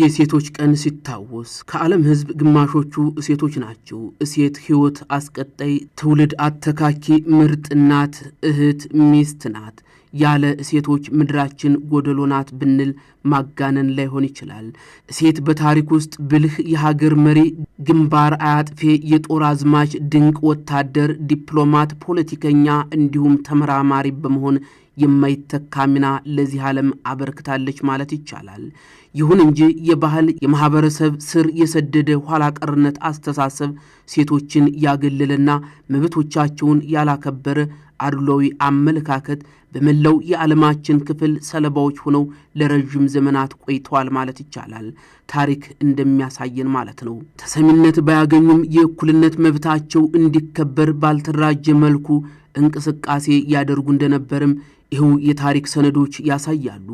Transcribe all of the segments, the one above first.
የሴቶች ቀን ሲታወስ ከዓለም ሕዝብ ግማሾቹ ሴቶች ናቸው። ሴት ሕይወት አስቀጣይ፣ ትውልድ አተካኪ፣ ምርጥ እናት፣ እህት፣ ሚስት ናት። ያለ ሴቶች ምድራችን ጎደሎ ናት ብንል ማጋነን ላይሆን ይችላል። ሴት በታሪክ ውስጥ ብልህ የሀገር መሪ፣ ግንባር አያጥፌ የጦር አዝማች፣ ድንቅ ወታደር፣ ዲፕሎማት፣ ፖለቲከኛ እንዲሁም ተመራማሪ በመሆን የማይተካ ሚና ለዚህ ዓለም አበርክታለች ማለት ይቻላል። ይሁን እንጂ የባህል የማህበረሰብ ስር የሰደደ ኋላ ቀርነት አስተሳሰብ ሴቶችን ያገለለና መብቶቻቸውን ያላከበረ አድሏዊ አመለካከት በመላው የዓለማችን ክፍል ሰለባዎች ሆነው ለረዥም ዘመናት ቆይተዋል ማለት ይቻላል። ታሪክ እንደሚያሳየን ማለት ነው። ተሰሚነት ባያገኙም የእኩልነት መብታቸው እንዲከበር ባልተደራጀ መልኩ እንቅስቃሴ ያደርጉ እንደነበርም ይኸው የታሪክ ሰነዶች ያሳያሉ።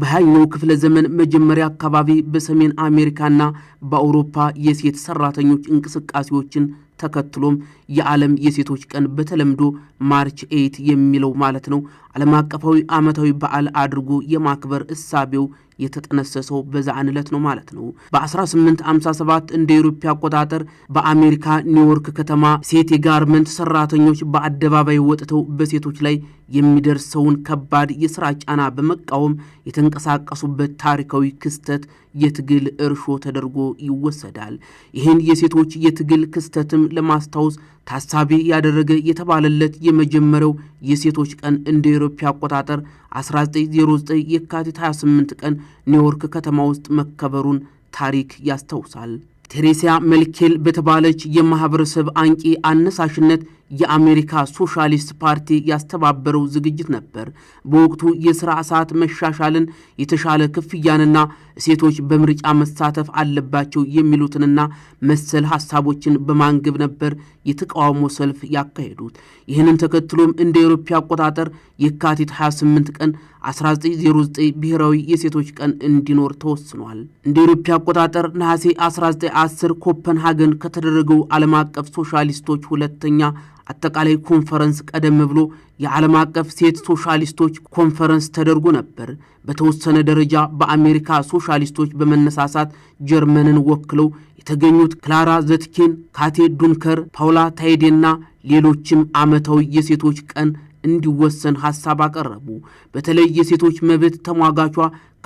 በሃያኛው ክፍለ ዘመን መጀመሪያ አካባቢ በሰሜን አሜሪካና በአውሮፓ የሴት ሰራተኞች እንቅስቃሴዎችን ተከትሎም የዓለም የሴቶች ቀን በተለምዶ ማርች ኤይት የሚለው ማለት ነው ዓለም አቀፋዊ ዓመታዊ በዓል አድርጎ የማክበር እሳቤው የተጠነሰሰው በዛን ዕለት ነው ማለት ነው። በ1857 እንደ ኢሮፓ አቆጣጠር በአሜሪካ ኒውዮርክ ከተማ ሴት የጋርመንት ሰራተኞች በአደባባይ ወጥተው በሴቶች ላይ የሚደርሰውን ከባድ የሥራ ጫና በመቃወም የተንቀሳቀሱበት ታሪካዊ ክስተት የትግል እርሾ ተደርጎ ይወሰዳል። ይህን የሴቶች የትግል ክስተትም ለማስታወስ ታሳቢ ያደረገ የተባለለት የመጀመሪያው የሴቶች ቀን እንደ አውሮፓ አቆጣጠር 1909 የካቲት 28 ቀን ኒውዮርክ ከተማ ውስጥ መከበሩን ታሪክ ያስታውሳል። ቴሬሲያ መልኬል በተባለች የማኅበረሰብ አንቂ አነሳሽነት የአሜሪካ ሶሻሊስት ፓርቲ ያስተባበረው ዝግጅት ነበር። በወቅቱ የሥራ ሰዓት መሻሻልን፣ የተሻለ ክፍያንና ሴቶች በምርጫ መሳተፍ አለባቸው የሚሉትንና መሰል ሀሳቦችን በማንገብ ነበር የተቃውሞ ሰልፍ ያካሄዱት። ይህንን ተከትሎም እንደ አውሮፓ አቆጣጠር የካቲት 28 ቀን 1909 ብሔራዊ የሴቶች ቀን እንዲኖር ተወስኗል። እንደ አውሮፓ አቆጣጠር ነሐሴ 1910 ኮፐንሃገን ከተደረገው ዓለም አቀፍ ሶሻሊስቶች ሁለተኛ አጠቃላይ ኮንፈረንስ ቀደም ብሎ የዓለም አቀፍ ሴት ሶሻሊስቶች ኮንፈረንስ ተደርጎ ነበር። በተወሰነ ደረጃ በአሜሪካ ሶሻሊስቶች በመነሳሳት ጀርመንን ወክለው የተገኙት ክላራ ዘትኪን፣ ካቴ ዱንከር፣ ፓውላ ታይዴና ሌሎችም ዓመታዊ የሴቶች ቀን እንዲወሰን ሀሳብ አቀረቡ። በተለይ የሴቶች መብት ተሟጋቿ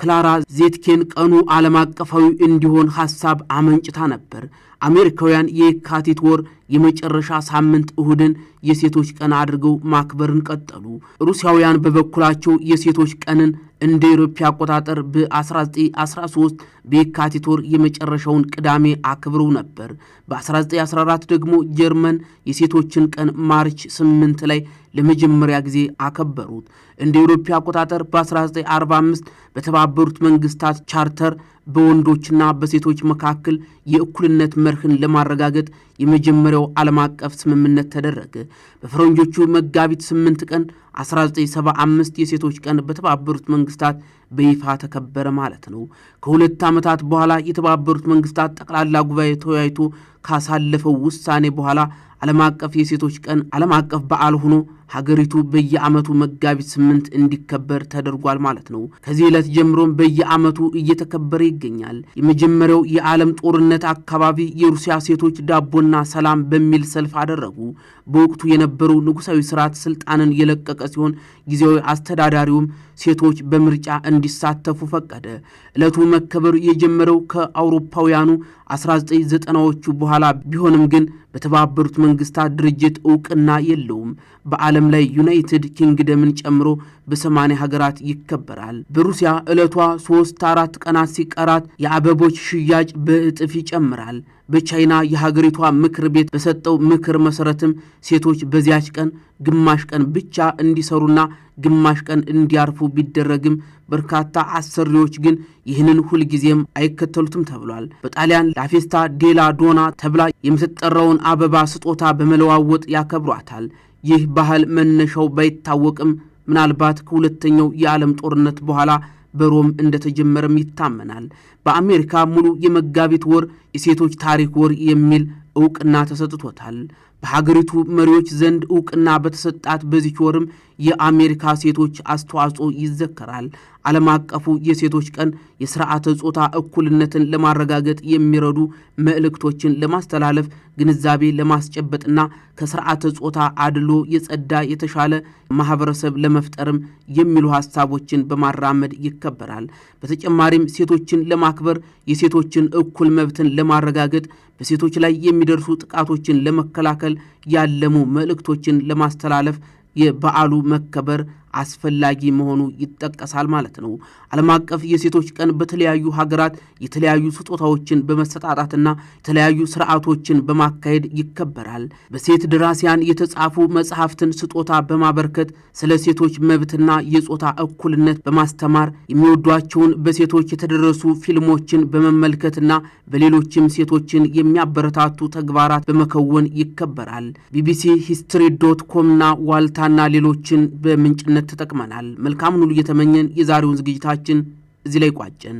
ክላራ ዜትኬን ቀኑ ዓለም አቀፋዊ እንዲሆን ሀሳብ አመንጭታ ነበር። አሜሪካውያን የካቲት ወር የመጨረሻ ሳምንት እሁድን የሴቶች ቀን አድርገው ማክበርን ቀጠሉ። ሩሲያውያን በበኩላቸው የሴቶች ቀንን እንደ ኢሮፓ አቆጣጠር በ1913 በየካቲት ወር የመጨረሻውን ቅዳሜ አክብረው ነበር። በ1914 ደግሞ ጀርመን የሴቶችን ቀን ማርች 8 ላይ ለመጀመሪያ ጊዜ አከበሩት። እንደ ኢሮፓ አቆጣጠር በ1945 በተባበሩት መንግስታት ቻርተር በወንዶችና በሴቶች መካከል የእኩልነት መርህን ለማረጋገጥ የመጀመሪያው ዓለም አቀፍ ስምምነት ተደረገ። በፈረንጆቹ መጋቢት 8 ቀን 1975 የሴቶች ቀን በተባበሩት መንግስታት በይፋ ተከበረ ማለት ነው። ከሁለት ዓመታት በኋላ የተባበሩት መንግስታት ጠቅላላ ጉባኤ ተወያይቶ ካሳለፈው ውሳኔ በኋላ ዓለም አቀፍ የሴቶች ቀን ዓለም አቀፍ በዓል ሆኖ ሀገሪቱ በየዓመቱ መጋቢት ስምንት እንዲከበር ተደርጓል ማለት ነው። ከዚህ ዕለት ጀምሮም በየዓመቱ እየተከበረ ይገኛል። የመጀመሪያው የዓለም ጦርነት አካባቢ የሩሲያ ሴቶች ዳቦና ሰላም በሚል ሰልፍ አደረጉ። በወቅቱ የነበረው ንጉሳዊ ስርዓት ስልጣንን የለቀቀ ሲሆን ጊዜያዊ አስተዳዳሪውም ሴቶች በምርጫ እንዲሳተፉ ፈቀደ። ዕለቱ መከበር የጀመረው ከአውሮፓውያኑ 1990ዎቹ በኋላ ቢሆንም ግን በተባበሩት መንግስታት ድርጅት እውቅና የለውም። በዓለም ዓለም ላይ ዩናይትድ ኪንግደምን ጨምሮ በሰማንያ ሀገራት ይከበራል። በሩሲያ ዕለቷ ሶስት አራት ቀናት ሲቀራት የአበቦች ሽያጭ በእጥፍ ይጨምራል። በቻይና የሀገሪቷ ምክር ቤት በሰጠው ምክር መሰረትም ሴቶች በዚያች ቀን ግማሽ ቀን ብቻ እንዲሰሩና ግማሽ ቀን እንዲያርፉ ቢደረግም በርካታ አሰሪዎች ግን ይህንን ሁልጊዜም አይከተሉትም ተብሏል። በጣሊያን ላፌስታ ዴላ ዶና ተብላ የምትጠራውን አበባ ስጦታ በመለዋወጥ ያከብሯታል። ይህ ባህል መነሻው ባይታወቅም ምናልባት ከሁለተኛው የዓለም ጦርነት በኋላ በሮም እንደተጀመረም ይታመናል። በአሜሪካ ሙሉ የመጋቢት ወር የሴቶች ታሪክ ወር የሚል እውቅና ተሰጥቶታል። በሀገሪቱ መሪዎች ዘንድ እውቅና በተሰጣት በዚች ወርም የአሜሪካ ሴቶች አስተዋጽኦ ይዘከራል። ዓለም አቀፉ የሴቶች ቀን የስርዓተ ጾታ እኩልነትን ለማረጋገጥ የሚረዱ መልእክቶችን ለማስተላለፍ ግንዛቤ ለማስጨበጥና ከስርዓተ ጾታ አድሎ የጸዳ የተሻለ ማህበረሰብ ለመፍጠርም የሚሉ ሀሳቦችን በማራመድ ይከበራል። በተጨማሪም ሴቶችን ለማክበር የሴቶችን እኩል መብትን ለማረጋገጥ በሴቶች ላይ የሚደርሱ ጥቃቶችን ለመከላከል ያለሙ መልእክቶችን ለማስተላለፍ የበዓሉ መከበር አስፈላጊ መሆኑ ይጠቀሳል ማለት ነው። ዓለም አቀፍ የሴቶች ቀን በተለያዩ ሀገራት የተለያዩ ስጦታዎችን በመሰጣጣትና የተለያዩ ስርዓቶችን በማካሄድ ይከበራል። በሴት ደራሲያን የተጻፉ መጽሐፍትን ስጦታ በማበርከት ስለ ሴቶች መብትና የጾታ እኩልነት በማስተማር የሚወዷቸውን በሴቶች የተደረሱ ፊልሞችን በመመልከትና በሌሎችም ሴቶችን የሚያበረታቱ ተግባራት በመከወን ይከበራል። ቢቢሲ ሂስትሪ ዶት ኮምና ዋልታና ሌሎችን በምንጭነት ለማለት ተጠቅመናል። መልካም ሁሉ እየተመኘን የዛሬውን ዝግጅታችን እዚህ ላይ ቋጭን።